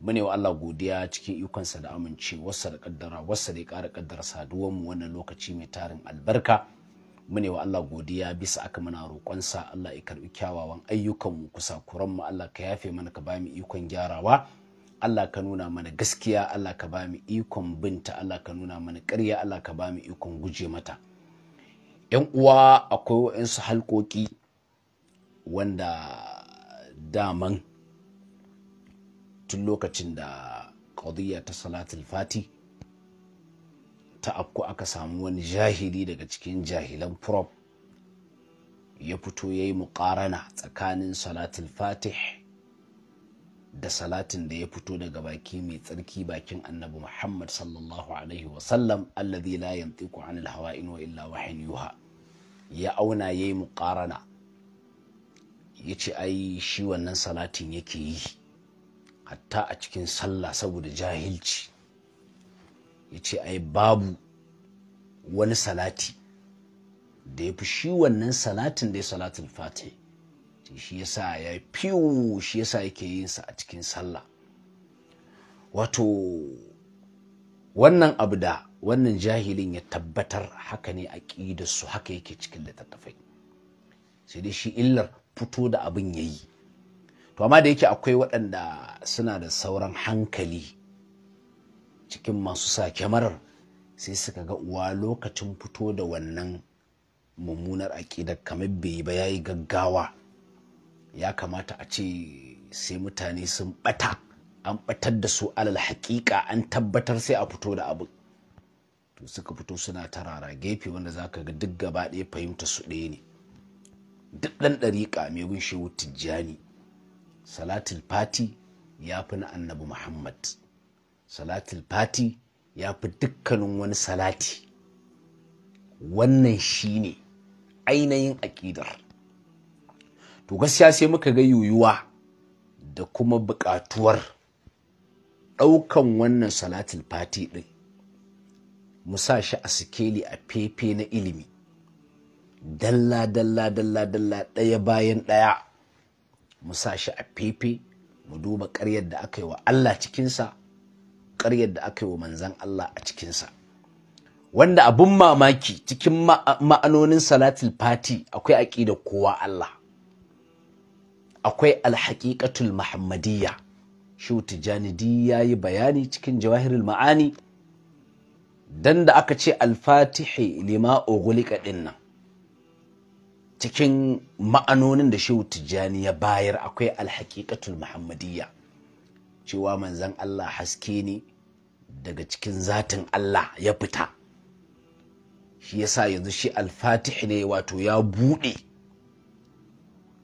mune wa Allah godiya cikin ikonsa da amincewarsa da kaddara wasa da ya ƙara kaddara mu wannan lokaci mai tarin albarka mune wa Allah godiya bisa aka muna roƙonsa Allah ya karbi kyawawan ayyukanmu kusa kuranmu Allah ka yafe mana ka bamu ikon gyarawa Allah ka nuna mana gaskiya Allah ka bamu ikon binta Allah ka nuna mana ƙarya Allah ka bamu ikon guje mata yan uwa akwai waɗansu halkoki wanda daman tun lokacin da ƙadiyya ta salatul fati ta akku aka samu wani jahili daga cikin jahilan prop ya fito ya yi muƙarana tsakanin salatul fatih da salatin da ya fito daga baki mai tsarki bakin annabi muhammad sallallahu alaihi wasallam allazi la yantiku an hawa in wa illa wahin yuha ya auna ya yi muƙarana ya ce ai shi wannan salatin yake yi hatta a cikin sallah saboda jahilci ya ce ai babu wani salati da ya fi shi wannan salatin da ya salatin fatih shi ya sa ya fiwu shi ya sa yake yin sa a cikin sallah wato wannan abu da wannan jahilin ya tabbatar haka ne a su haka yake cikin littattafai sai dai shi illar fito da abin ya yi to amma da yake akwai waɗanda suna da sauran hankali cikin masu sa kyamarar sai suka ga uwa lokacin fito da wannan mummunar aƙidar kamar bai ba ya yi gaggawa ya kamata a ce sai mutane sun ɓata an ɓatar da su alal haƙiƙa an tabbatar sai a fito da abu to suka fito suna tarara gefe wanda za ka ga duk gaba ɗaya fahimta su ɗaya ne duk ɗan ɗariƙa mai gunshe wuta tijjani salatul fati ya fi na annabi muhammad salatul fati ya fi dukkanin wani salati wannan shine ainihin aƙidar to gaskiya sai muka ga yoyuwa da kuma buƙatuwar ɗaukan wannan salatul fati ɗin mu sa shi a sikeli a fefe na ilimi dalla dalla dalla dalla ɗaya bayan ɗaya mu sa shi a fefe mu duba ƙaryar da aka yi wa Allah cikinsa ƙaryar da aka yi wa manzan Allah a cikinsa wanda abun mamaki cikin ma'anonin salatul fati akwai aƙidar kowa Allah akwai alhaƙiƙatul muhammadiyya shehu tijjani ya yi bayani cikin jawahirul ma'ani dan da aka ce alfatihi lima ogulika dinnan cikin ma'anonin da shehu tijjani ya bayar akwai alhaƙiƙatul muhammadiyya cewa manzan Allah haske ne daga cikin zatin Allah ya fita shi yasa yanzu shi alfatih ne wato ya buɗe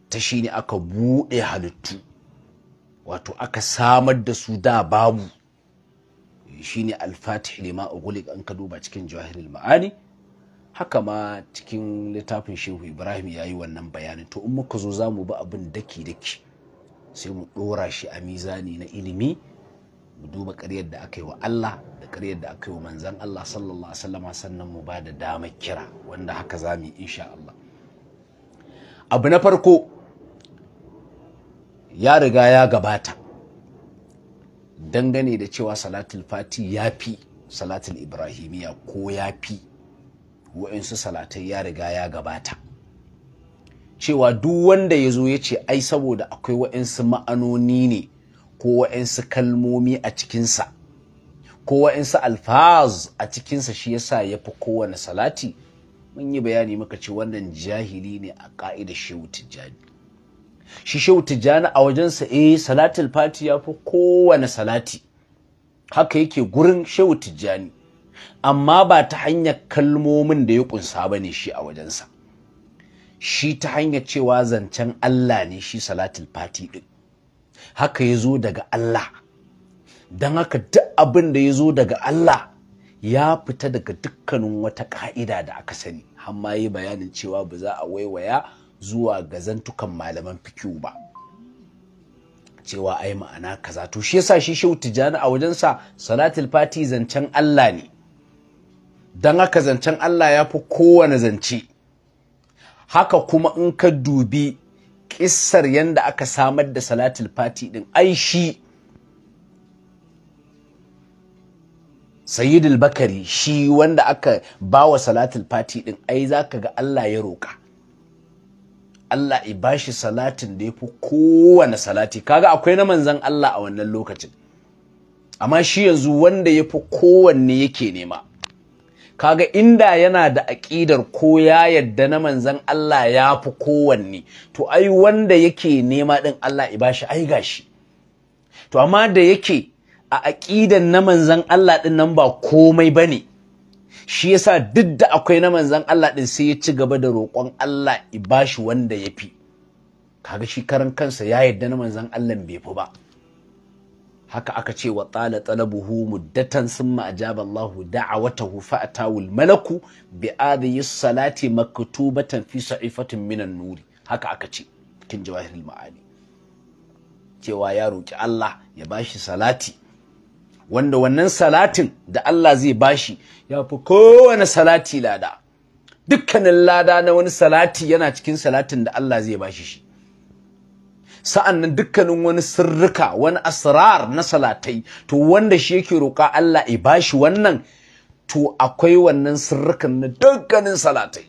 ta shi ne aka buɗe halittu wato aka samar da su da babu shi ne alfatih ne ma a an ka duba cikin jawahirul ma'ani haka ma cikin littafin shehu ibrahim ya yi wannan bayanin to in muka zo za mu bi abin daki-daki sai mu ɗora shi a mizani na ilimi mu duba karyar da aka yi wa Allah da karyar da aka yi wa manzan Allah sallallahu alaihi sannan mu ba da damar kira wanda haka za mu yi insha Allah abu na farko ya riga ya gabata dangane da cewa salatul fati ya fi salatul ibrahimiya ko ya fi wa'insu salatai ya riga ya gabata cewa duk wanda ya zo ya ce ai saboda akwai wa'insu ma'anoni ne ko wa'insu kalmomi a cikinsa ko wa'insu alfaz a cikinsa shi yasa ya fi kowane salati mun yi bayani muka ce wannan jahili ne a ƙa'idar shehu tijjani shi shehu tijjani a wajensa eh salatul fati ya fi kowane salati haka yake gurin shehu tijjani amma ba ta hanyar kalmomin da ya kunsa ba ne shi a wajensa shi ta hanyar cewa zancen Allah ne shi salatul fati din haka ya zo daga Allah don haka duk abin da ya zo daga Allah ya fita daga dukkanin wata ka'ida da aka sani hamma yi bayanin cewa ba za a waiwaya zuwa ga zantukan malaman fikiyu ba cewa ai ma'ana kaza to shi yasa shi shehu tijjani a wajensa salatul fati zancen Allah ne don haka zancen Allah ya fi kowane zance haka kuma in ka dubi ƙissar yadda aka samar da salatul fati ɗin ai shi sayyidul bakari shi wanda aka ba wa salatul fati ɗin ai za ka ga Allah ya roƙa Allah i bashi salatin da ya fi kowane salati kaga akwai na manzan Allah a wannan lokacin amma shi yanzu wanda ya fi kowanne yake nema kaga inda yana da aƙidar ko ya yadda na manzan Allah ya fi kowanne to ai wanda yake nema ɗin Allah i bashi ai gashi to amma da yake a aƙidan na manzan Allah ɗin nan ba komai bane shi yasa duk da akwai na manzan Allah ɗin sai ya ci gaba da roƙon Allah i bashi wanda ya fi kaga shi karan kansa ya yadda na manzan Allah bai fi ba haka aka ce wa tsala talabuhu muddatan summa ajaba wata hufa a tawul malaku bi yi salati maktubatan fi sa'ifatin minan nuri haka aka ce cikin jawahirul ma'ani cewa ya roki Allah ya bashi salati wanda wannan salatin da Allah zai bashi ya fi kowane salati lada dukkanin lada na wani salati yana cikin salatin da Allah zai bashi shi sa'annan dukkanin wani sirrika wani asrar na salatai to wanda shi yake roƙa Allah ya bashi wannan to akwai wannan sirrikan na dukkanin salatai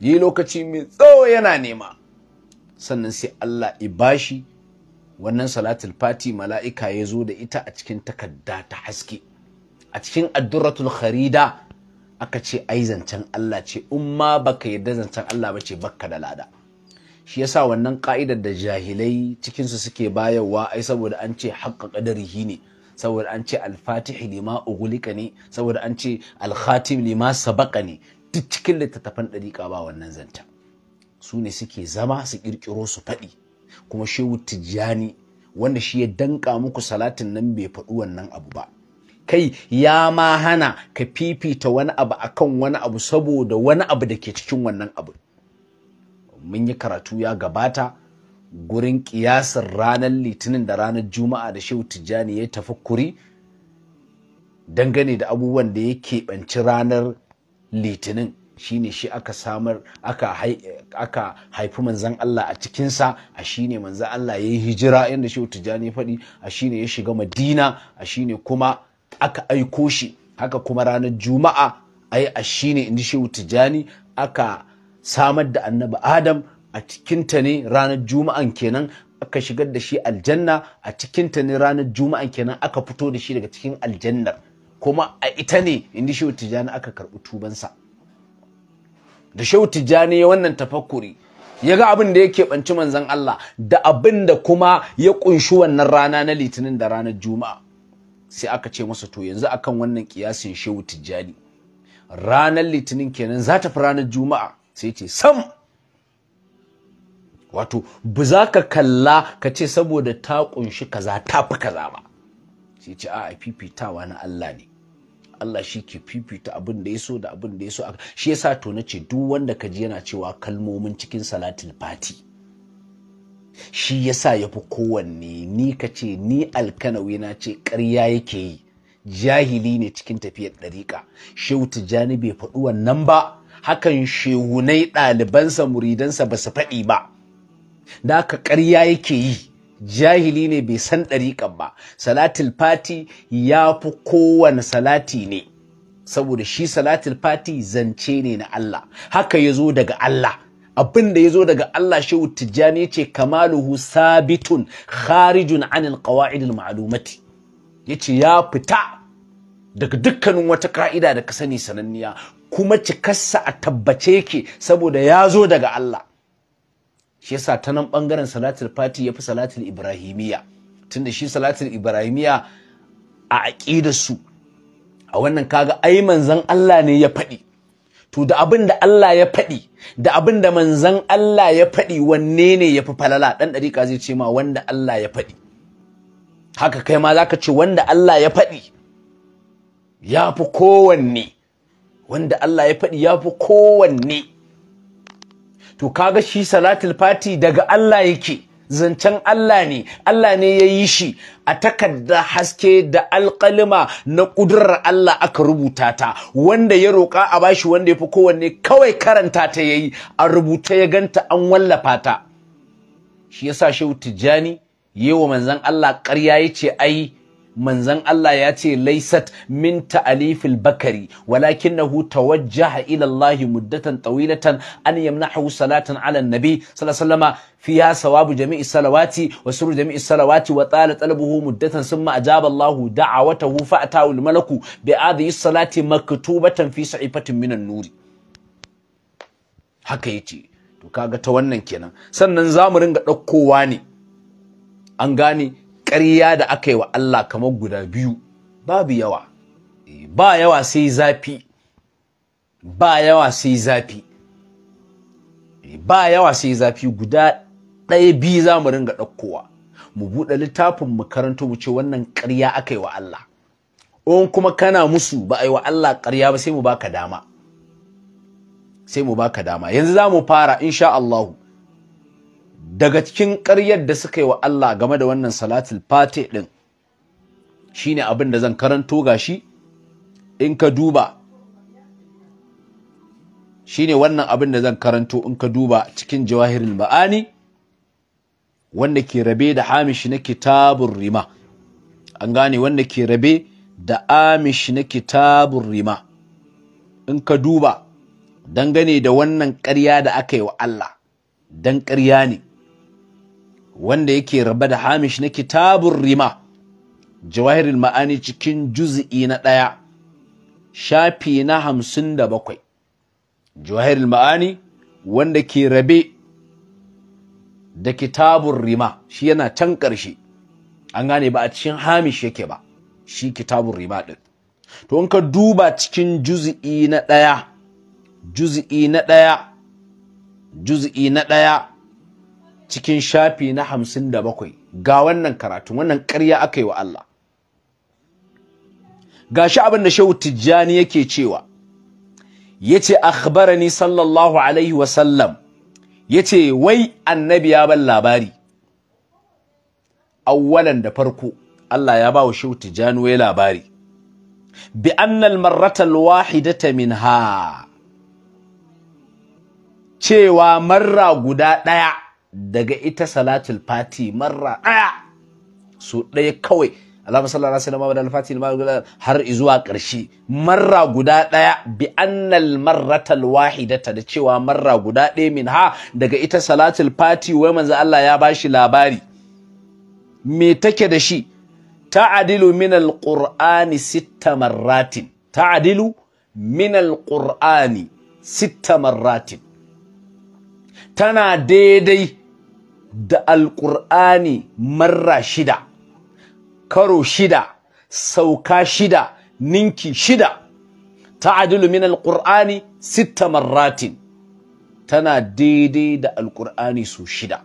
yi lokaci mai tsawo yana nema sannan sai Allah ya bashi wannan salatul fati mala'ika ya zo da ita a cikin takarda ta haske a cikin addurratul kharida aka ce ai zancen Allah ce Umma baka yarda zancen Allah ba ce baka da lada shi yasa wannan ka'idar da jahilai cikinsu suke bayarwa ai saboda an ce haƙƙa ƙadarihi ne saboda an ce alfatih lima ugulika ne saboda an ce alkhatim lima sabaka ne duk cikin littattafan ɗariƙa ba wannan zanta su ne suke zama su ƙirƙiro su faɗi kuma shehu tijjani wanda shi ya danƙa muku salatin nan bai faɗi wannan abu ba kai ya ma hana ka fifita wani abu akan wani abu saboda wani abu da ke cikin wannan abu mun yi karatu ya gabata gurin kiyasar ranar litinin da ranar juma'a da shehu tijjani ya tafi kuri dangane da abubuwan da ya keɓanci ranar litinin shine shi aka samar aka haifi manzan Allah a cikinsa a shine manzan Allah ya yi hijira inda shehu tijjani ya faɗi a shine ya shiga madina a shine kuma aka aiko shi haka kuma ranar juma'a ai a ne inda shehu tijjani aka samar da annabi adam a cikinta ne ranar juma'an kenan aka shigar da shi aljanna a cikinta ne ranar juma'an kenan aka fito da shi daga cikin aljannar kuma a ita ne inda shehu tijjani aka karɓi tubansa da shehu tijjani ya wannan tafakuri, ya ga abin da ya banci manzan Allah da abin da kuma ya ƙunshi wannan rana na litinin da ranar juma'a sai aka ce masa to yanzu akan wannan kiyasin shehu tijjani ranar litinin kenan za ta fi ranar juma'a sai ce sam wato bu za ka kalla ka ce saboda ta kunshi kaza ta fi kaza ba sai ce a fifitawa na Allah ne Allah shi ke fifita abin da ya so da abin da ya so shi yasa to na ce duk wanda ka ji yana cewa kalmomin cikin salatul fati shi yasa ya fi kowanne ni ka ce ni alkanawi na ce ƙarya yake yi jahili ne cikin tafiyar ɗariƙa shehu jani bai faɗi nan ba hakan shehunai ɗalibansa muridansa ba su faɗi ba da ka ƙarya yake yi jahili ne bai san ɗariƙan ba salatul fati ya fi kowane salati ne saboda shi salatul fati zance ne na Allah haka ya zo daga Allah abin da ya zo daga Allah shehu tijjani ce kamaluhu sabitun kharijun anil qawa'idil ma'lumati yace ya fita daga dukkanin wata ka'ida da ka sani sananniya kuma cikarsa a tabbace yake saboda ya zo daga Allah shi yasa ta nan bangaren salatul fati ya fi salatul ibrahimiya tunda shi salatul ibrahimiya a aqidar su a wannan kaga ai manzan Allah ne ya faɗi to da abin da Allah ya faɗi da abin da manzan Allah ya faɗi wanne ne yafi falala Ɗan ɗarika zai ce ma wanda Allah ya faɗi haka kai ma zaka ce wanda Allah ya faɗi ya fi kowanne wanda Allah ya faɗi ya fi kowanne to kaga shi salatul fati daga Allah yake zancen Allah ne Allah ne ya yi shi a takarda haske da alƙalima na ƙudurar Allah aka rubuta ta wanda ya roƙa a bashi wanda ya fi kowanne kawai karanta ta ya yi a rubuta ya ganta an wallafa ta shi ya yasa shehu tijjani yi wa manzan Allah ƙarya ya ce ai manzan Allah ya ce laisat min ta'alifil bakari walakinahu tawajjaha ila Allah muddatan tawilatan an yamnahu salatan ala nabi sallallahu alaihi wasallam fiha sawabu jami'i salawati wa sirru jami'i salawati wa tala talabuhu muddatan summa ajaba Allah da'awatahu fa ataahu al malaku bi adhi salati maktubatan fi sa'ifatin minan nuri haka yace to kaga ta wannan kenan sannan zamu ringa ɗaukowa ne an gane ƙarya da aka yi wa Allah kamar guda biyu babu yawa eh, ba yawa sai zafi ba yawa sai zafi eh, ba yawa sai zafi guda ɗaya biyu za mu ringa ɗaukowa mu buɗe littafin mu karanto mu ce wannan ƙarya aka yi wa Allah in kuma kana musu ba a yi wa Allah ƙarya ba sai mu baka dama sai mu baka dama yanzu za mu fara insha Allahu daga cikin ƙaryar da suka yi wa Allah game da wannan salatul fati ɗin shi ne abin da zan karanto ga shi in ka duba shi ne wannan abin da zan karanto in ka duba cikin jawahirin ma'ani wanda ke rabe da hamishi na kitabun rima an gane wanda ke rabe da amishi na kitabun rima in ka duba dangane da wannan ƙarya da aka yi wa Allah dan ƙarya ne wanda yake raba da hamish na kitabun rima jawahirin ma'ani cikin juz'i na ɗaya shafi na hamsin da bakwai jawahirin ma'ani wanda ke rabe da kitabun rima shi yana can ƙarshe an gane ba a cikin hamish yake ba shi kitabun rima ɗin to in ka duba cikin juz'i na ɗaya juz'i na ɗaya juz'i na ɗaya cikin shafi na hamsin da bakwai ga wannan karatun wannan karya aka yi wa Allah ga shi abin da shehu tijjani yake cewa ya ce akhbarani sallallahu alaihi wasallam ya ce wai annabi ya ban labari awwalan da farko Allah ya ba wa shehu tijjani wai labari bi annal marratal wahidata ha? cewa marra guda ɗaya daga ita salatul fati marra ɗaya su ɗaya kawai alama sallallahu alaihi wasallam Muhammad fati har zuwa ƙarshe marra guda ɗaya bi annal marratal wahidata da cewa marra guda ɗaya min ha daga ita salatul fati wai manzo Allah ya bashi labari me take da shi ta'adilu min alqur'ani marratin ta'adilu min alqur'ani sitta marratin tana daidai da alƙur'ani marra shida karo shida sauka shida ninki shida ta'adilu min alƙur'ani sitta marratin tana daidai da alƙur'ani su shida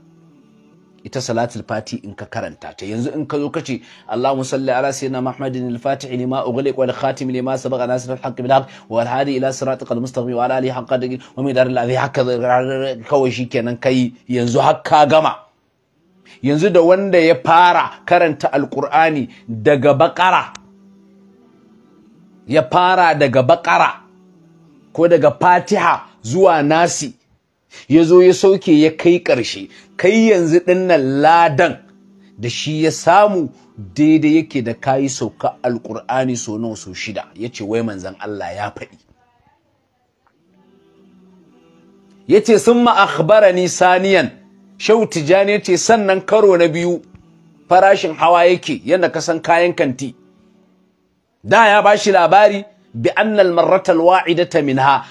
ita salatul fati in ka karanta ta yanzu in ka zo ka ce Allahumma salli ala sayyidina Muhammadin al-Fatih lima ughliq wal khatim lima sabaqa nasr al-haqq bil haqq wal hadi ila siratikal mustaqim wa ala alihi haqqa dagi wa min daril ladhi haqqa kawai shikenan kai yanzu har ka gama yanzu da wanda ya fara karanta alqur'ani daga bakara ya fara daga bakara ko daga fatiha zuwa nasi ya zo ya sauke ya kai ƙarshe kai yanzu ɗinnan ladan da shi ya samu daidai yake da kayi sauka alƙur'ani so nawa so shida ya ce wai manzan Allah ya faɗi ya ce sun ma'akhbara ni saniyan shau tijani ya ce sannan karo na biyu farashin hawa yake yadda kasan kayan kanti da ya ba shi labari bi annal marratal wa'idata minha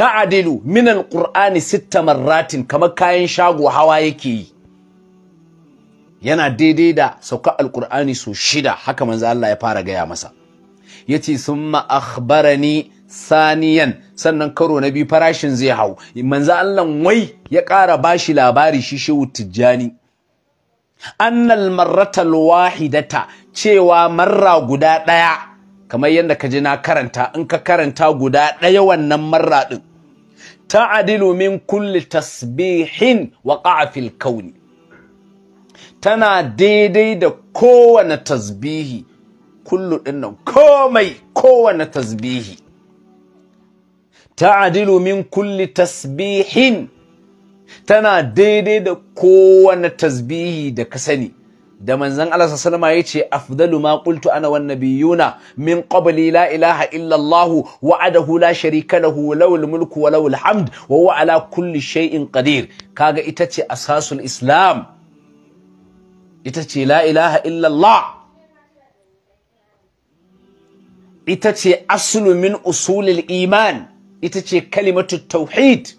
ta'adilu min alqur'ani sitta marratin kamar kayan shago hawa yake yi yana daidai da sauka alqur'ani so shida haka manzo Allah ya fara gaya masa yace summa akhbarani saniyan sannan karo na biyu farashin zai hau manzo Allah wai ya ƙara bashi labari shi shehu tijjani annal marratal wahidata cewa marra guda ɗaya kamar yadda ka ji na karanta in ka karanta guda ɗaya wannan marra ɗin adilu min kulli tasbihin wa ƙafil kauni tana daidai da kowane tasbihi kullu ɗinnan komai kowane tasbihi adilu min kulli tasbihin tana daidai da kowane tasbihi da ka sani da manzon Allah sallama yace afdalu ma qultu ana wan nabiyuna min qabli la ilaha illa Allah wa'adahu la sharika lahu lawul mulku wa lawul hamd wa huwa ala kulli shay'in qadir kaga ita ce asasul islam ita ce la ilaha illa Allah ita ce aslu min usulil iman ita ce kalimatu tauhid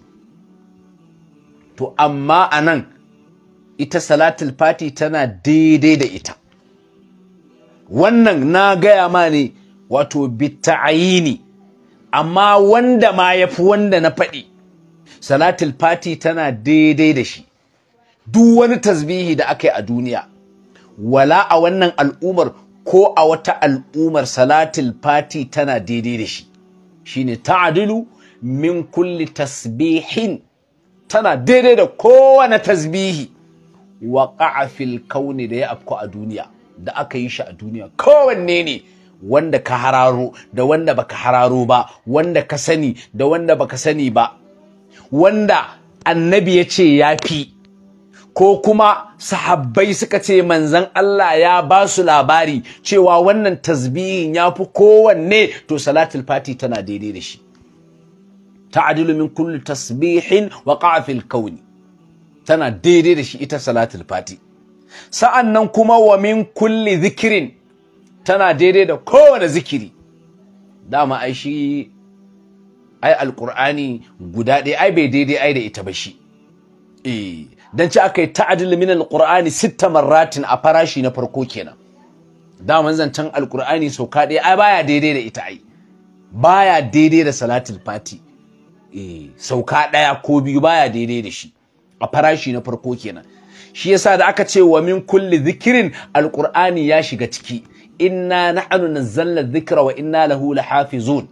to amma anan ita salatul fati tana daidai da ita wannan na gaya ma ne wato bita'ayini amma wanda ma ya fi wanda na faɗi salatul fati tana daidai da shi duk wani tasbihi da aka yi a duniya wala a wannan al'umar ko a wata al'umar salatul fati tana daidai da shi shine ta'adilu min kulli tasbihin tana daidai da kowane tasbihi waqa'a fil kauni da ya afku a duniya da aka yi shi a duniya kowanne ne wanda ka hararo da wanda baka hararo ba wanda ka sani da wanda baka sani ba wanda annabi ya ce ya fi ko kuma sahabbai suka ce manzan Allah ya ba su labari cewa wannan tasbihin ya fi kowanne to salatul fati tana daidai da shi ta'adilu min kulli tasbihin wa fil kauni tana daidai da shi ita salatul fati sa'an nan kuma wa min kulli zikirin tana daidai da kowane zikiri dama ai shi ai alkur'ani guda ɗaya ai bai daidai ai da ita ba shi eh dan ci aka yi ta'adil min alkur'ani sitta marratin a farashi na farko kenan daman zancen alkur'ani sauka ɗaya ai baya daidai da ita ai baya daidai da salatul fati eh sauka ɗaya ko biyu baya daidai da shi a farashi na farko kenan shi yasa da aka ce wa min kulli zikirin Alƙur'ani ya shiga ciki inna nahnu nazzalna dhikra wa inna lahu lahafizun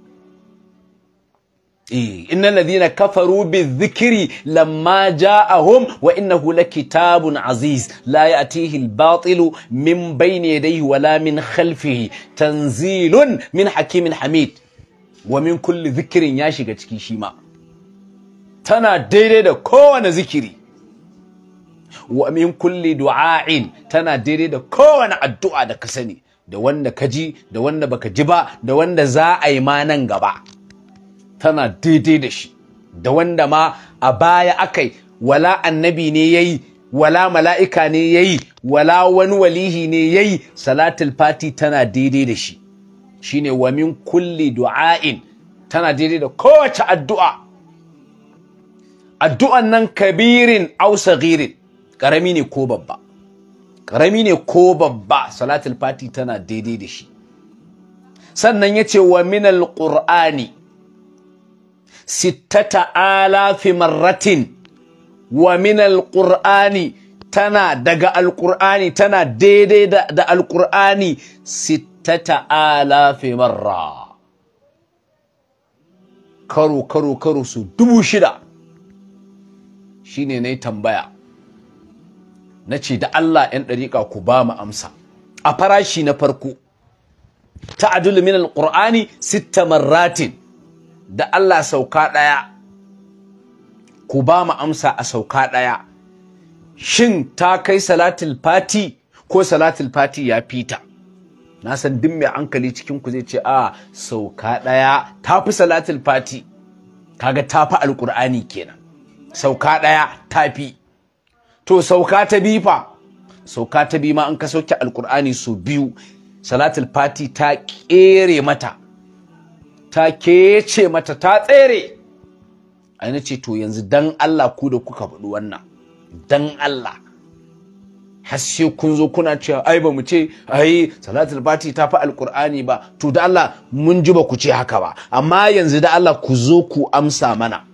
eh innal ladhina kafaru bizikri lamma ja'ahum wa kitabun lakitabun aziz la ya'tihi albatilu min bayni yadayhi wala min khalfihi tanzilun min hakimin hamid wa min kulli dhikrin ya shiga ciki shima tana daidai da kowane zikiri wa min kulli du'a'in tana daidai da kowane addu'a da ka sani da wanda ka ji da wanda baka ji ba da wanda za a yi ma nan gaba tana daidai da shi da wanda ma a baya akai wala annabi ne yayi wala mala'ika ne yayi wala wani walihi ne yayi salatul fati tana daidai da shi shine wa min kulli du'a'in tana daidai da kowace addu'a addu'an nan kabirin aw saghirin karami ne ko babba karami ne ko babba salatul fati tana daidai da shi sannan yace wa min alqur'ani sittata alafi marratin wa min alqur'ani tana daga alqur'ani tana daidai da, da alqur'ani sittata alafi marra karo karo karo su dubu shida shine na tambaya na ce da Allah 'yan ɗariƙa ku ba mu amsa a farashi na farko ta adul min alqur'ani sitta marratin da Allah sauka ɗaya ku ba mu amsa a sauka ɗaya shin ta kai salatul fati ko salatul fati ya fita na san duk mai hankali cikin ku zai ce a sauka ɗaya ta fi salatul fati kaga ta fi alƙur'ani kenan sauka ɗaya ta fi to sauka ta bi fa sauka ta bi ma an ka sauke alkur'ani su biyu salatul fati ta kere mata ta kece mata ta tsere a na ce to yanzu dan Allah ku da kuka faɗi wannan dan Allah hasse kun zo kuna cewa ai ba mu ce ai salatul fati ta fi alkur'ani ba to da Allah mun ji ba ku ce haka ba amma yanzu da Allah ku zo ku amsa mana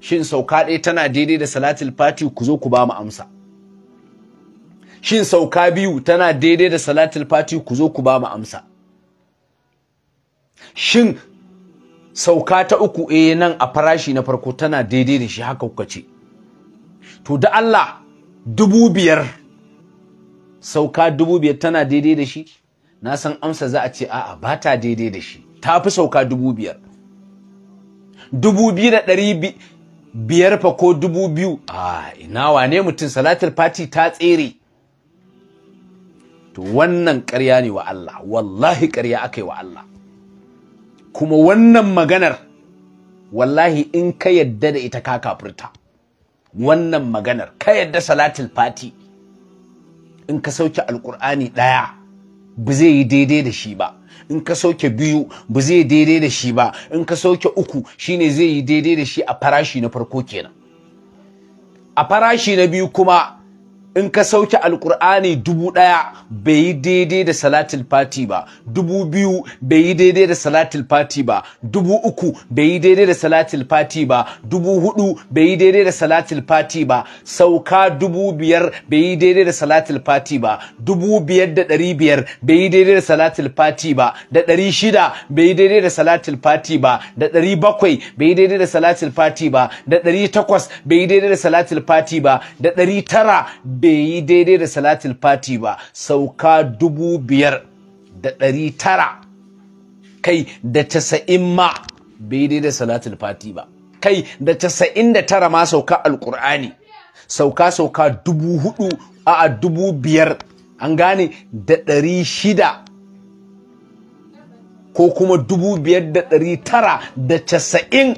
shin sauka ɗaya tana daidai da salatul fati ku zo ku ba mu amsa shin sauka biyu tana daidai da salatul fati ku zo ku ba mu amsa shin sauka ta uku eh nan a farashi na farko tana daidai da shi haka kuka ce to da Allah dubu biyar sauka dubu biyar tana daidai da shi na san amsa za a ce a'a ba ta daidai da shi ta fi sauka dubu biyar dubu biyu da ɗari biyar fa ko dubu biyu a ina wane mutum salatul fati ta tsere to wannan karya ne wa Allah wallahi ƙarya aka yi wa Allah kuma wannan maganar wallahi in ka yadda da ita ka kafirta wannan maganar ka yadda salatul fati in ka sauke alkur'ani ɗaya ba zai yi daidai da shi ba in ka sauke biyu ba zai daidai da shi ba in ka sauke uku shine zai yi daidai da shi a farashi na farko kenan a farashi na biyu kuma in ka sauke alkur'ani dubu ɗaya bai yi daidai da salatul fati ba dubu biyu bai yi daidai da salatul fati ba dubu uku bai yi daidai da salatul fati ba dubu hudu bai yi daidai da salatul fati ba sauka dubu biyar bai yi daidai da salatul fati ba dubu biyar da ɗari biyar bai yi daidai da salatul fati ba da ɗari shida bai yi daidai da salatul fati ba da ɗari bakwai bai yi daidai da salatul fati ba da ɗari takwas bai yi daidai da salatul fati ba da ɗari tara bai bai yi daidai da salatul fati ba sauka dubu biyar da ɗari tara kai da tasa'in ma bai yi daidai da salatul fati ba kai da tasa'in da tara ma sauka alƙur'ani sauka sauka dubu hudu a dubu biyar an gane da ɗari shida ko kuma dubu biyar da ɗari tara da casa'in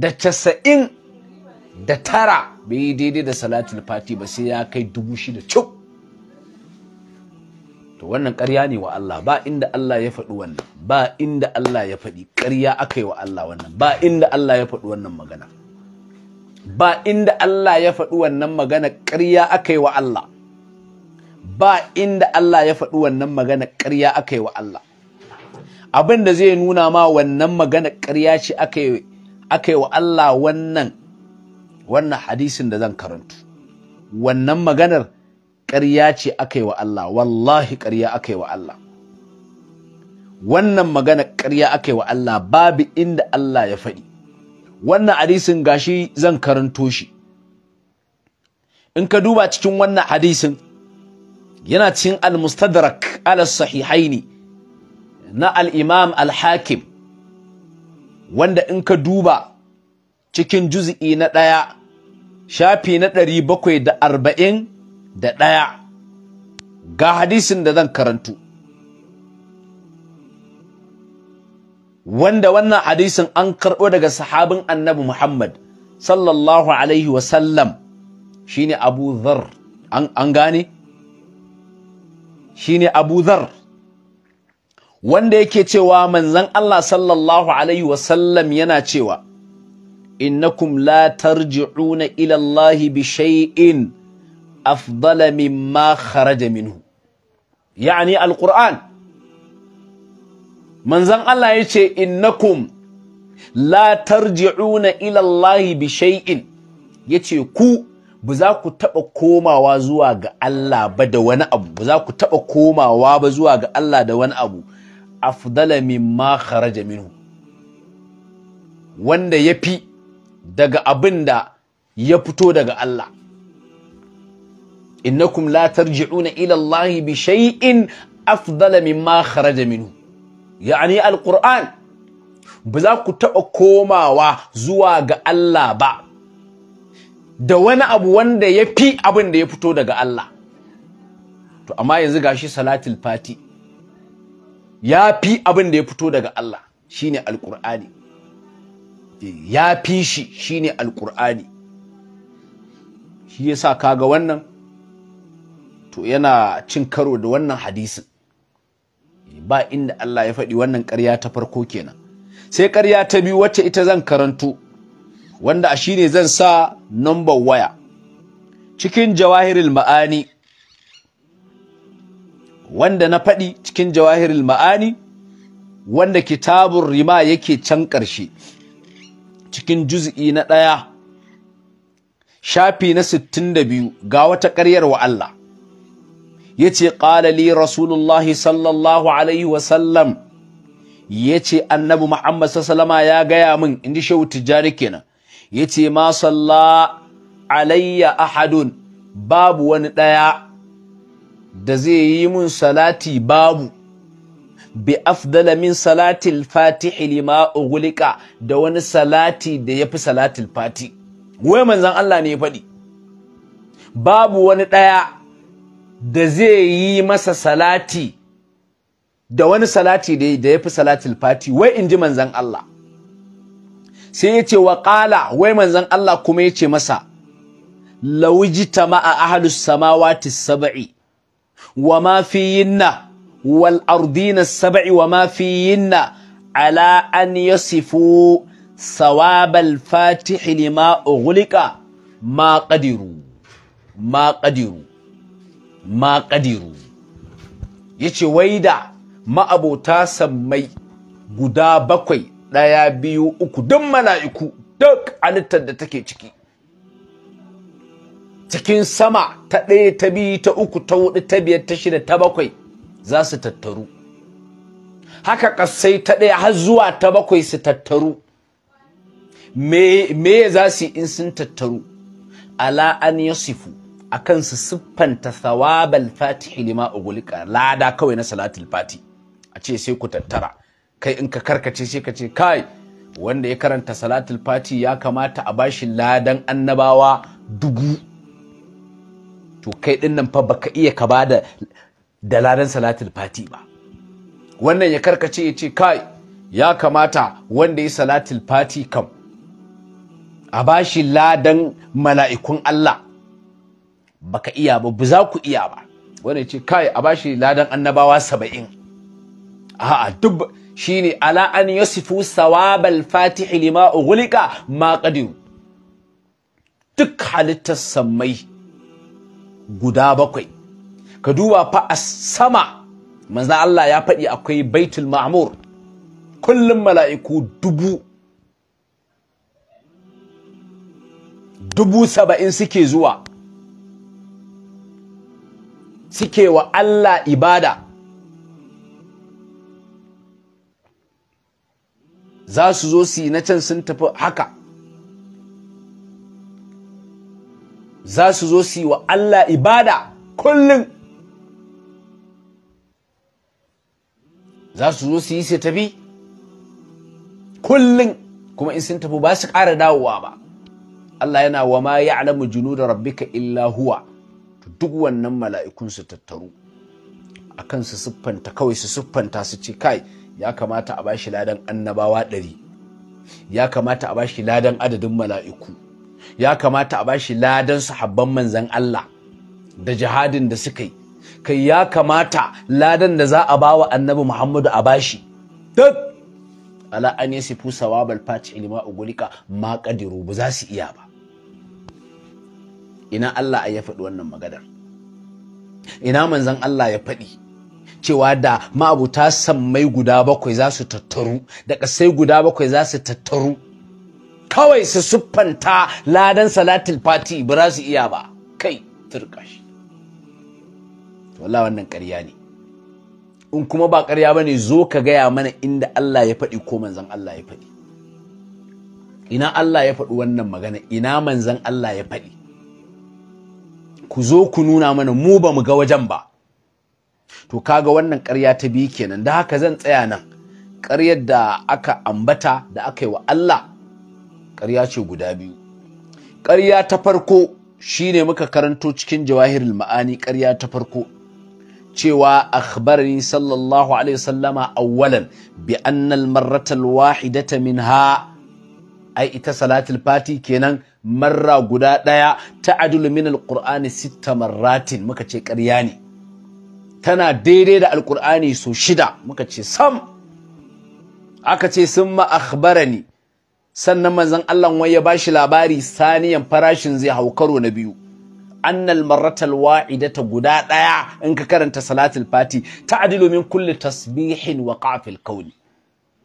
da casa'in da tara bai daidai da salatul fati ba sai ya kai dubu shida cuk to wannan ƙarya ne wa Allah ba inda Allah ya faɗi wannan ba inda Allah ya faɗi ƙarya aka yi wa Allah wannan ba inda Allah ya faɗi wannan magana ba inda Allah ya faɗi wannan magana ƙarya aka yi wa Allah ba inda Allah ya faɗi wannan magana ƙarya aka yi wa Allah abin da zai nuna ma wannan magana ƙarya ce aka yi wa Allah wannan wannan hadisin da zan karantu wannan maganar ƙarya ce aka yi wa Allah wallahi ƙarya aka yi wa Allah wannan maganar ƙarya aka yi wa Allah babu inda Allah ya faɗi wannan hadisin gashi zan karanto shi in ka duba cikin wannan hadisin yana cikin al-mustadrak ala sahihaini na al-imam al-hakim wanda in ka duba cikin juz'i na ɗaya shafi na ɗari bakwai da arba'in da ɗaya ga hadisin da zan karantu wanda wannan hadisin an karɓo daga sahabin annabi Muhammad sallallahu alaihi wasallam ne Abu zar an, gane shi ne Abu zar wanda yake cewa manzan Allah sallallahu alaihi wasallam yana cewa innakum la tarji'una ila Allah bi shay'in afdala mimma kharaja minhu yani Alƙur'an? manzon Allah yace innakum la tarji'una ila Allah bi shay'in yace ku ba za ku taɓa komawa zuwa ga Allah ba wani abu ba ku taɓa komawa ba zuwa ga Allah da wani abu afdala mimma kharaja minhu wanda ya fi. daga abin da ya fito daga Allah innakum la tarji'una ila ilallahi bi shay'in afdala mimma kharaja minhu yani alquran ba za ku taɓa komawa zuwa ga Allah ba da wani abu wanda ya fi abin da ya fito daga Allah to amma yanzu gashi salatul fati ya fi abin da ya fito daga Allah shine alqur'ani ya fi shi shi shine alkur'ani shi ya sa kaga wannan to yana cin karo da wannan hadisin ba inda Allah ya faɗi wannan ƙarya ta farko kenan sai ƙarya ta biyu wacce ita zan karanto wanda a shi ne zan sa number waya cikin jawahiril ma'ani wanda na faɗi cikin jawahiril ma'ani wanda kitabun rima yake can ƙarshe cikin juz'i na ɗaya shafi na sittin da biyu ga wata ƙaryar wa Allah ya ce ƙalali Rasulullah sallallahu alaihi wasallam ya ce annabi muhammad sallama ya gaya min in ji shehu tijjari kenan ya ce ma alayya ahadun babu wani ɗaya da zai yi mun salati babu bi afdala min salatil fatihi lima ughliqa da wani salati da yafi salatil fati wai manzon Allah ne ya faɗi babu wani ɗaya da zai yi masa salati da wani salati da yafi salatil fati wai inji manzon Allah sai ya ce wa qala wai manzon Allah kuma ya ce masa lawji tama'a ahlus samawati sab'i wa ma fiyinna wal ardina sab'i wa ma fiyinna ala an yasifu sawabal fatihi lima ughliqa ma qadiru ma qadiru ma qadiru yace waida ma'abota sammai guda bakwai ɗaya biyu uku duk mala'iku duk halittar da take ciki cikin sama ta ɗaya ta biyu ta uku ta hudu ta biyar ta shida ta bakwai za su tattaru haka ƙasai ta ɗaya har zuwa ta bakwai su tattaru me za su in sun tattaru ala an yasifu akan su siffanta thawabal fatihi lima ugulika lada kawai na salatul fati a ce sai ku tattara kai in ka karkace sai ka ce kai wanda ya karanta salatul fati ya kamata a bashi ladan annabawa dubu to kai din nan fa baka iya ka bada da ladan salatul fati ba wannan ya karkace ya ce kai ya kamata wanda ya salatul fati kam a bashi ladan mala'ikun Allah baka iya ba ba za ku iya ba wanda ce kai a bashi ladan annabawa saba'in a'a duk shi ne an yasifu sawabal fati lima ughliqa ma duk halittar sammai guda bakwai ka duba fa a sama maza Allah ya faɗi akwai baitul ma'amur. kullum mala'iku dubu dubu saba'in suke zuwa suke wa Allah ibada za su zo su yi na can sun tafi haka za su zo su yi wa Allah ibada kullum za su zo su yi sai tafi kullum kuma in sun tafi ba su ƙara dawowa ba Allah yana wa ma ya'lamu da rabbika illa huwa to duk wannan mala'ikun su tattaru A kan su siffanta kawai su siffanta su ce kai ya kamata a bashi ladan annabawa ɗari ya kamata a bashi ladan adadin mala'iku ya kamata a bashi ladan sahabban manzan Allah da jihadin da suka yi kai ya kamata ladan da za a ba wa annabi muhammadu a bashi duk ala an yi sifu sawabal fati ilima ugulika ma kadiru ba za su iya ba ina Allah ya faɗi wannan magadar ina manzan Allah ya faɗi cewa da ma'abuta sammai guda bakwai za su tattaru da ƙasai guda bakwai za su tattaru kawai su siffanta ladan salatul fati ba za su iya ba kai turkashi to wannan ƙarya ne in kuma ba ƙarya bane zo ka gaya mana inda Allah ya faɗi ko manzon Allah ya faɗi ina Allah ya faɗi wannan magana ina manzon Allah ya faɗi ku zo ku nuna mana mu ba mu ga wajen ba to kaga wannan ƙarya ta biyu kenan da haka zan tsaya nan ƙaryar da aka ambata da aka yi wa Allah ƙarya ce guda biyu ƙarya ta farko shine muka karanto cikin jawahirul ma'ani ƙarya ta farko cewa akhbarani sallallahu alaihi wasallama awwalan bi anna al wahidata minha ai ita salatul fati kenan marra guda daya ta min al sitta marratin muka ce ƙarya ne tana daidai da Alƙur'ani qurani so shida muka ce sam aka ce sun ma akhbarani sannan manzon Allah wai ya bashi labari saniyan farashin zai hau karo na biyu annal wa'ida ta guda ɗaya in ka karanta salatul fati ta'dilu min kulli tasbihin wa qafil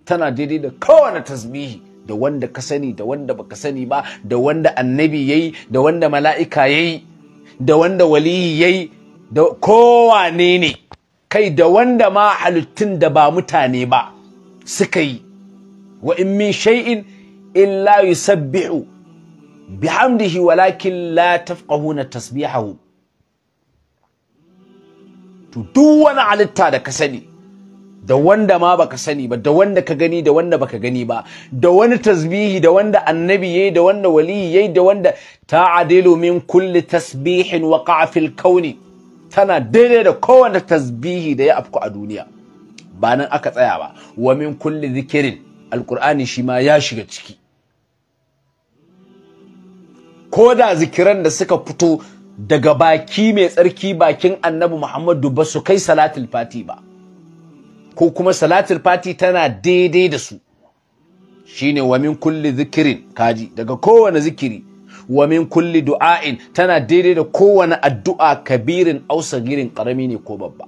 tana daidai da kowane tasbihi da wanda ka sani da wanda baka sani ba da wanda annabi yayi da wanda mala'ika yayi da wanda waliyi yayi da kowane ne kai da wanda ma halittun da ba mutane ba suka yi wa in min shay'in illa yusabbihu bihamdihi walakin la tafqahuna tasbihahu to duk wani halitta da ka sani da wanda ma baka sani ba da wanda ka gani da wanda baka gani ba da wani tasbihi da wanda annabi yayi da wanda wali yayi da wanda ta'adilu min kulli tasbihin waqa'a fil kauni tana daidai da kowanne tasbihi da ya afku a duniya ba nan aka tsaya ba wa min kulli zikirin alqur'ani shi ma ya shiga ciki ko da zikiran da suka fito daga baki mai tsarki bakin annabi Muhammadu ba su kai salatul fati ba ko kuma salatul fati tana daidai da su shine wa min kulli zikirin kaji daga kowane zikiri wamin kulli du'ain tana daidai da kowane addu'a kabirin ausa girin ƙarami ne ko babba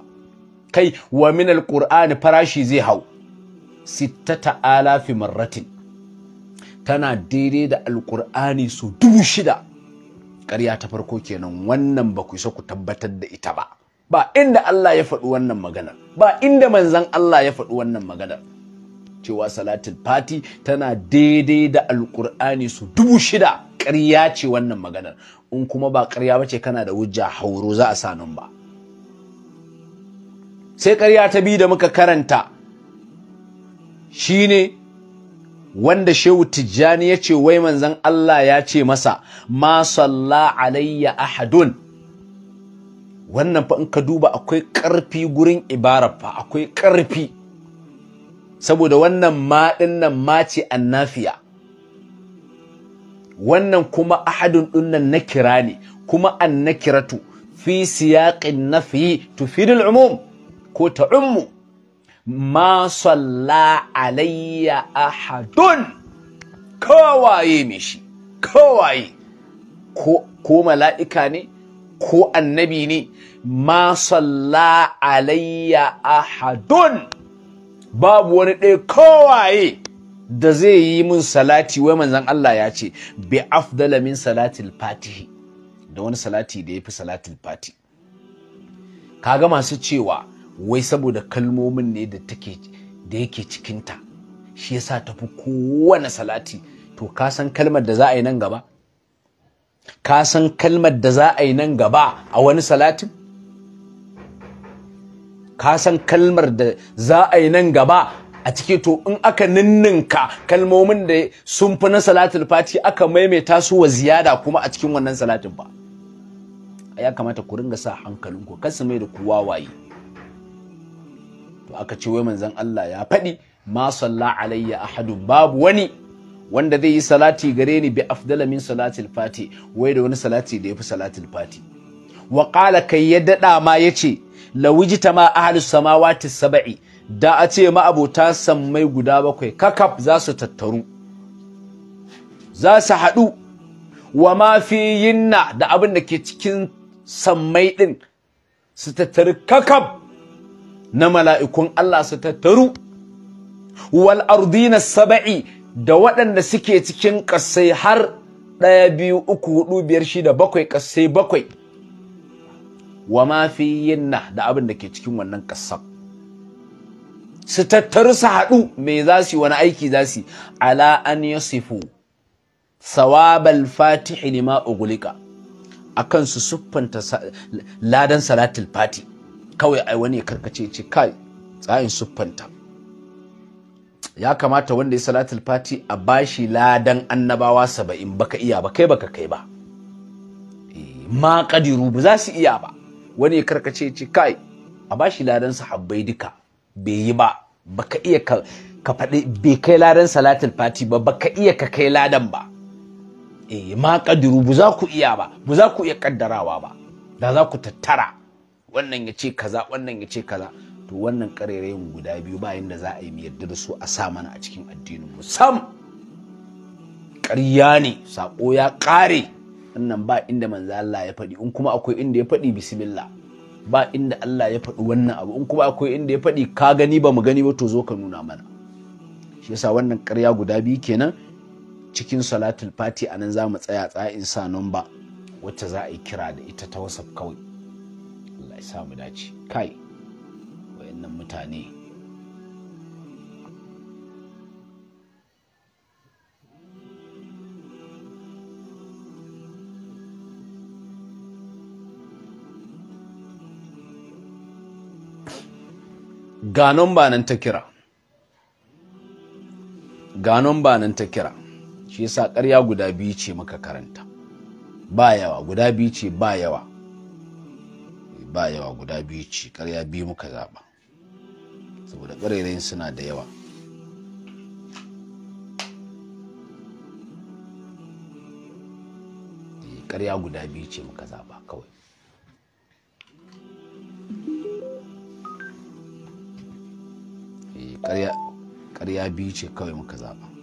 kai wa min farashi zai hau sittata alafi marratin tana daidai da alkur'ani su dubu shida ƙarya ta farko kenan wannan ba ku isa ku tabbatar da ita ba ba inda Allah ya faɗi wannan magana. ba inda manzan Allah ya faɗi wannan magana. cewa Salatin fati tana daidai da alkur'ani su dubu shida ƙarya ce wannan magana. in kuma ba ƙarya ba ce kana da wujja hauro za a sa nan ba sai ƙarya ta bi da muka karanta shine wanda shehu tijjani ya ce wai manzon Allah ya ce masa ma salla alayya ahadun wannan fa in ka duba akwai ƙarfi gurin ibara, fa akwai ƙarfi saboda wannan ma din nan ma ce annafiya wannan kuma ahadun ɗin nan na kira ne kuma annakiratu fi siyaqin nafi tufidul umum ko ta ummu ma salla alayya ahadun kowaye mai shi kowaye ko mala'ika ne ko annabi ne ma salla alayya ahadun babu wani ɗaya kowaye da zai yi min salati wai manzon Allah ya ce bi afdala min salatil fatihi da wani salati da ya fi salatil fati kaga masu cewa wai saboda kalmomin ne da take da yake cikinta shi yasa tafi kowane salati to ka san kalmar da za a yi nan gaba ka san kalmar da za a yi nan gaba a wani salatin ka san kalmar da za a yi nan gaba a ciki to in aka ninninka kalmomin da sun fi na salatin fati aka maimaita su wa ziyada kuma a cikin wannan salatin ba ya kamata ku ringa sa hankalinku kasu mai da kuwa waye. aka ce wai manzon Allah ya faɗi ma salla alayya ahadun babu wani wanda zai yi salati gare ni bi afdala min salatil fati wai da wani salati da yafi salatil fati wa qala kai ya dada ma yace lawijita ma ahli samawati sab'i da a ce ma abota sammai guda bakwai kakaf za su tattaru za su haɗu wa ma fi yinna da abin da ke cikin sammai din su tattaru kakaf na mala'ikun Allah su tattaru wal ardina saba’i da waɗanda suke cikin ƙasai har ɗaya biyu uku hudu biyar shida bakwai ƙasai bakwai wa ma fi na da abin da ke cikin wannan ƙasar su tattaru su haɗu mai za su yi wani aiki za su ala an yasifu sawabal fatihi lima ugulika akan su siffanta ladan salatul fatih. kawai ai wani karkace ce kai tsayin siffanta ya kamata wanda ya salatul fati a bashi ladan annabawa saba'in baka iya ba kai baka kai ba eh, ma kadiru ba za su iya ba wani karkace ce kai a bashi ladan sahabbai duka bai yi ba baka iya ka faɗi bai kai ladan salatul fati ba baka iya ka kai ladan ba eh ma kadiru ba za ku iya ba ba za ku iya kaddarawa ba da za ku tattara wannan ya ce kaza wannan ya ce kaza to wannan ƙarerayin guda biyu ba da za a yi yarda da su a sa mana a cikin addinin mu sam ƙarya ne saƙo ya ƙare wannan ba inda manzo Allah ya faɗi in kuma akwai inda ya faɗi bismillah ba inda Allah ya faɗi wannan abu in kuma akwai inda ya faɗi ka gani ba mu gani ba to zo ka nuna mana shi yasa wannan ƙarya guda biyu kenan cikin salatul fati anan za mu tsaya tsaya in sa number wacce za a yi kira da ita ta wasaf kawai Allah ya samu dace kai wayannan mutane ganon ba nan ta kira ganon ba nan ta kira shi yasa ƙarya guda biyu ce muka karanta ba yawa guda biyu ce ba yawa ba yawa guda biyu ce karya biyu muka zaba saboda ƙarairayin suna da yawa karya eh, guda biyu ce muka zaba kawai karya eh, biyu ce kawai muka zaba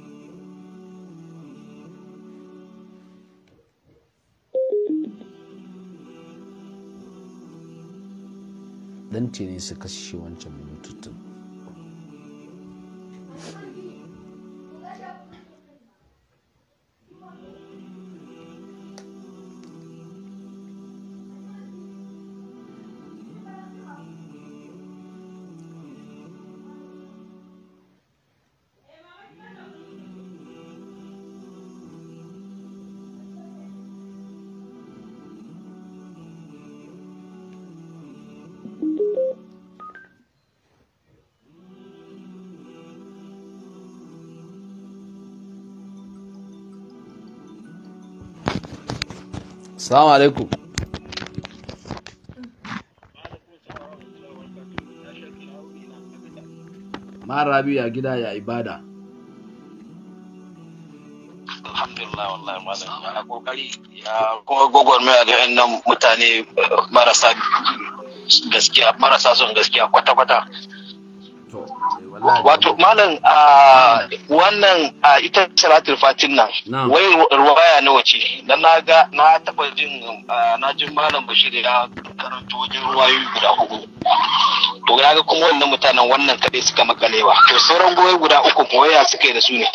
dan ce ne su kashe wancan bututun Assalamu alaikum. Marabi ya gida ya ibada. Alhamdulillah wallahi malam ya kokari ya kuma gwagwarmaya da yan mutane eh, marasa gaskiya marasa son gaskiya kwata-kwata. wato malam wannan ita salatul fatin nan wai ruwaya ne wace dan na ga na taba jin na jin malam bashir ya karanto wajen ruwayoyi guda uku to ya ga kuma wannan mutanen wannan kadai suka makalewa to sauran goyi guda uku kuma ya suka yi da su ne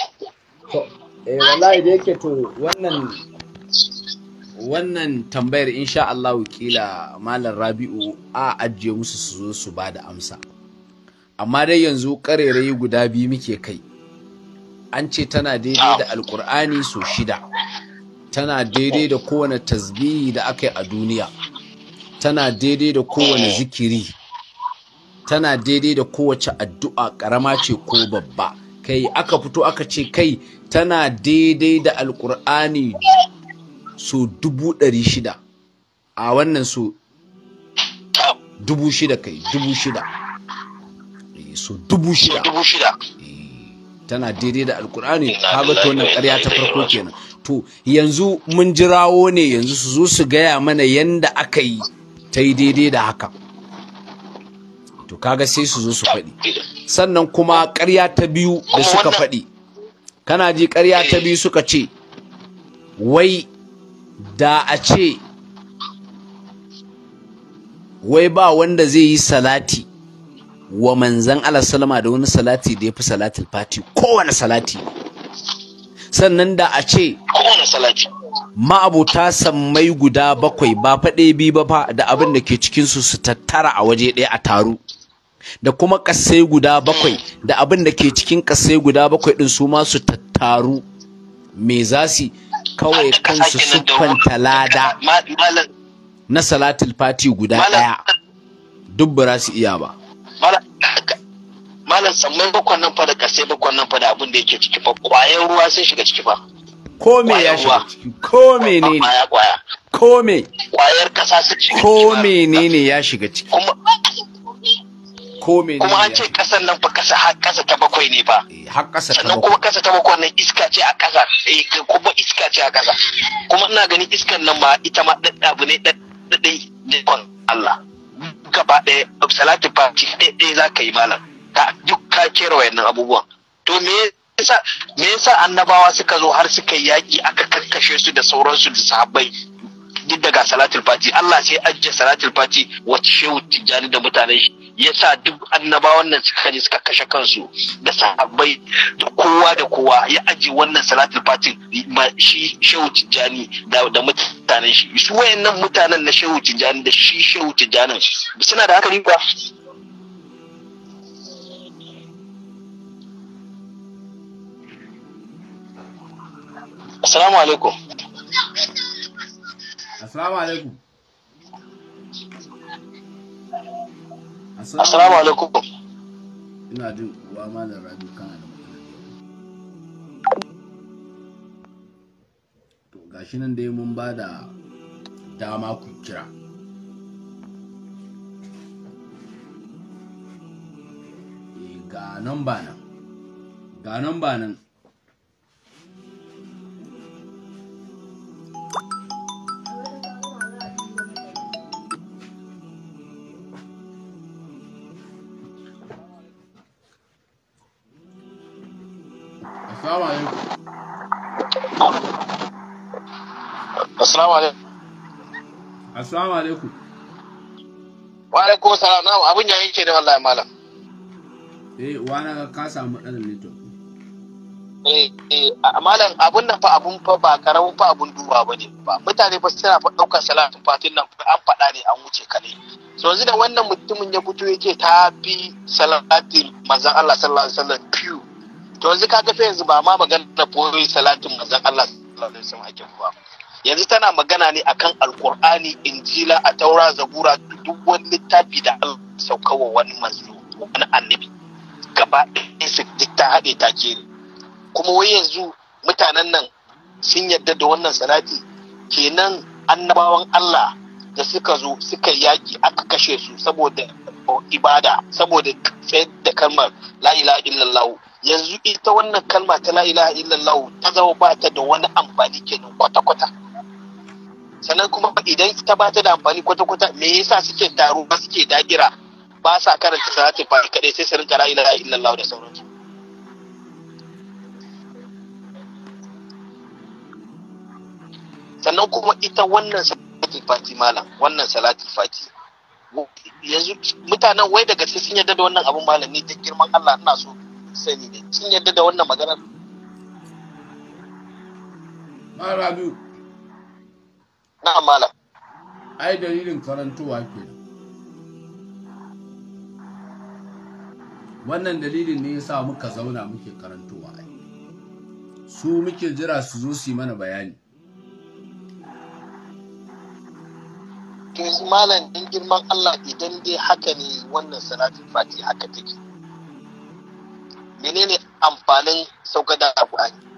eh wallahi da yake to wannan wannan tambayar insha Allah kila malam Rabi'u a ajiye musu su zo su ba da amsa amma dai yanzu ƙarerayi guda biyu muke kai an ce tana daidai da alkur'ani so shida tana daidai da kowane tasbihi da aka yi a duniya tana daidai da kowane zikiri tana daidai da kowace addu'a ƙarama ce ko babba kai aka fito aka ce kai tana daidai da alkur'ani so dubu ɗari shida a wannan so dubu shida kai dubu shida so dubu shida eh, tana daidai da alkur'ani kaga to wannan ƙarya ta farko kenan to yanzu mun jirawo ne yanzu su zo su gaya mana yanda aka yi ta yi daidai da haka to kaga sai su zo su faɗi sannan kuma ƙarya ta biyu da suka faɗi kana ji ƙarya ta biyu eh. suka ce wai da a ce wai ba wanda zai yi salati wa manzan Allah salama da wani salati da ya fi salatul fati kowane salati sannan da a ce kowane salati ma'abuta sammai guda bakwai ba faɗe bi ba fa da abin da ke cikinsu su tattara a waje ɗaya a taru da kuma ƙasai guda bakwai da abin da ke cikin ƙasai guda bakwai ɗin su ma su tattaru me za su kawai kansu siffanta lada na salatul fati guda ɗaya duk ba su iya ba malam sammai bakwan nan fa kasai bakwan nan fa da abin da yake ciki fa kwayan ruwa sun shiga ciki fa ko me ya shiga ciki ko ne ko me kwayar kasa sun shiga ciki ko ne ya shiga ciki ko kuma an ce kasan nan fa kasa har kasa ta bakwai ne fa eh, har kasa ta sannan kuma kasa ta bakwai nan iska ce a kasa eh kuma iska ce a kasa kuma ina ganin iskan nan ma ita ma daddabu ne ne da Allah gaba ɗaya salatin fati ɗaya za ka yi malam ka duk ka kera wayannan abubuwan to me yasa me yasa annabawa suka zo har suka yaki aka karkashe su da sauransu da sahabbai duk daga salatul fati Allah sai ajiye salatul fati wacce shehu tijjani da mutanen shi ya sa duk annabawan nan suka je suka kashe kansu da sahabbai da kowa da kowa ya ajiye wannan salatul fatin shi shehu tijjani da mutanen shi su wayannan mutanen na shehu tijjani da shi shehu tijjanin suna da haka riba Assalamu alaikum. Assalamu alaikum. Assalamu alaikum. Ina jin uwa malam Rabi kana da To gashi nan dai mun ba da dama ku kira. Eh, ga nan ba nan. Ga nan ba nan. Assalamu alaikum. Assalamu alaikum. Wa alaikum salam. Na abin ya yanke ne wallahi malam. Eh, wani ka samu matsalar network. Eh, eh, malam abun nan fa abun fa ba karamin fa abun duba bane ba. Mutane fa suna fa daukar salatin fatin nan an faɗa ne an wuce kare. So yanzu da wannan mutumin ya fito yake ta bi salatin manzon Allah sallallahu alaihi wasallam piyu. To yanzu kaga fa yanzu ba ma magana boye salatin manzon Allah sallallahu alaihi wasallam ake ba. yanzu tana magana ne akan alkur'ani injila a taura zabura duk wani littafi da sauka wa wani manzo wani annabi gaba ɗaya su duk ta haɗe ta kere kuma wai yanzu mutanen nan sun yadda da wannan salati kenan annabawan allah da suka zo suka yaƙi aka kashe su saboda ibada saboda tsayar da kalmar la ilaha illallahu. yanzu ita wannan kalma ta la ilaha illallahu ta zama ba ta da wani amfani kenan kwata-kwata sannan kuma idan ita ba ta da amfani kwata-kwata me yasa suke taro ba suke dagira ba sa karanta salatin fari kadai sai su rinka la ilaha illallah da sauransu sannan kuma ita wannan salatin fati malam wannan salatin fati yanzu mutanen wai daga sun yarda da wannan abun malam ne ta girman Allah ina so sani ne sun yarda da wannan maganar biyu, na malam ai dalilin karantowa ke wannan dalilin ne yasa muka zauna muke karantowa ai su muke jira su zo su yi mana bayani to su malam din girman Allah idan dai haka ne wannan salatin fati haka take menene amfanin saukar da Qur'ani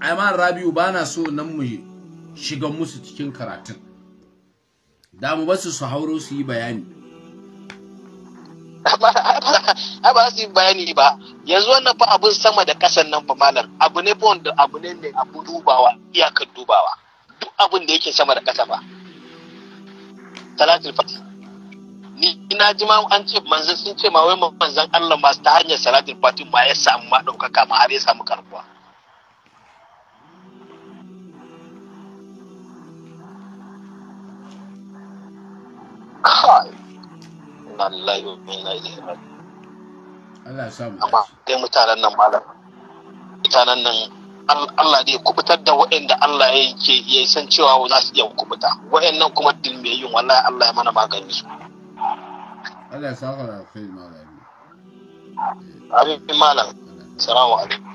amma Rabiu bana so nan mu shiga musu cikin karatun da mu basu su hauro su yi bayani a ba su yi bayani ba yanzu wannan fa abun sama da kasan nan fa malam abu ne bond abu ne ne abu dubawa iyakar dubawa duk abun da yake sama da kasa ba salatul fati ni ina ji ma an ce manzan sun ce ma wai manzan Allah ma ta hanyar salatul fati ma ya samu ma daukaka ma har ya samu karbuwa kai na lillahi wa Allah ya amma dai mutanen nan malam mutanen nan Allah dai kubutar da waɗanda Allah ya ke ya san cewa za su iya kubuta waɗannan kuma dilmiyayyun wallahi Allah ya mana magani su Allah ya saka da kai malam Abin malam salamu alaikum